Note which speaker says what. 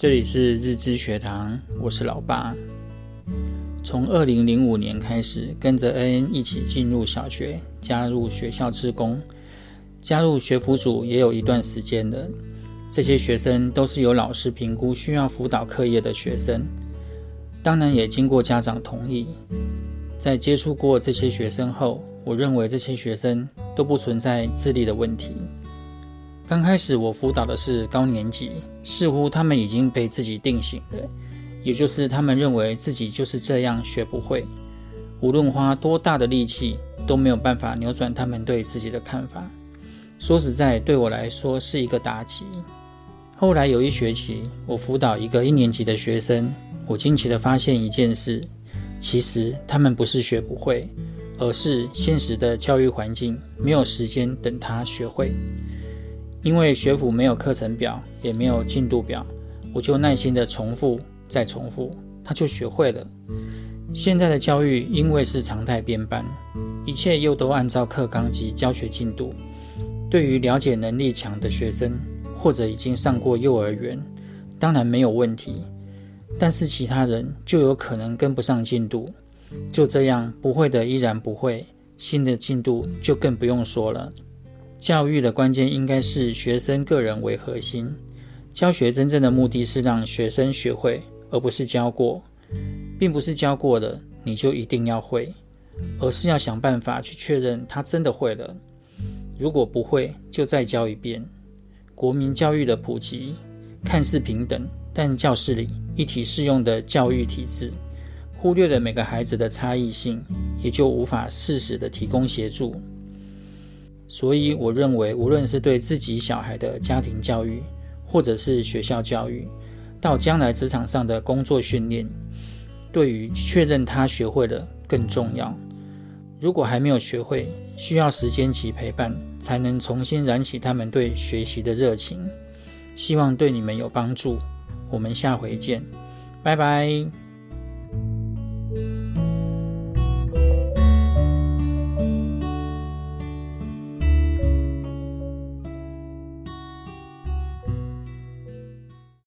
Speaker 1: 這裡是日知學堂，我是老爸。從二零零五年開始，跟着恩恩一起進入小學，加入學校志工，加入學輔組也有一段時間了。這些學生都是由老師評估需要輔導課業的學生，當然也經過家長同意。在接觸過這些學生後，我認為這些學生都不存在智力的問題。剛開始我輔導的是高年級，似乎他們已經被自己定型了，也就是他們認為自己就是這樣學不會，無論花多大的力氣都沒有辦法扭轉他們對自己的看法。說實在，對我來說是一個打擊。後來有一學期，我輔導一個一年級的學生，我驚奇地發現一件事：其實他們不是學不會，而是現實的教育環境沒有時間等他學會。因為學府沒有課程表，也沒有進度表，我就耐心地重複再重複，他就學會了。現在的教育因為是常態編班，一切又都按照課綱及教學進度，對於了解能力強的學生或者已經上過幼兒園，當然沒有問題。但是其他人就有可能跟不上進度，就這樣不會的依然不會，新的進度就更不用說了。教育的關鍵應該是學生個人為核心，教學真正的目的是讓學生學會，而不是教過，並不是教過了你就一定要會，而是要想辦法去確認他真的會了。如果不會，就再教一遍。國民教育的普及看似平等，但教室裡一體適用的教育體制，忽略了每個孩子的差異性，也就無法適時的提供協助。所以，我認為，無論是對自己小孩的家庭教育，或者是學校教育，到將來職場上的工作訓練，對於確認他學會了更重要。如果還沒有學會，需要時間及陪伴，才能重新燃起他們對學習的熱情。希望對你們有幫助。我們下回見，拜拜。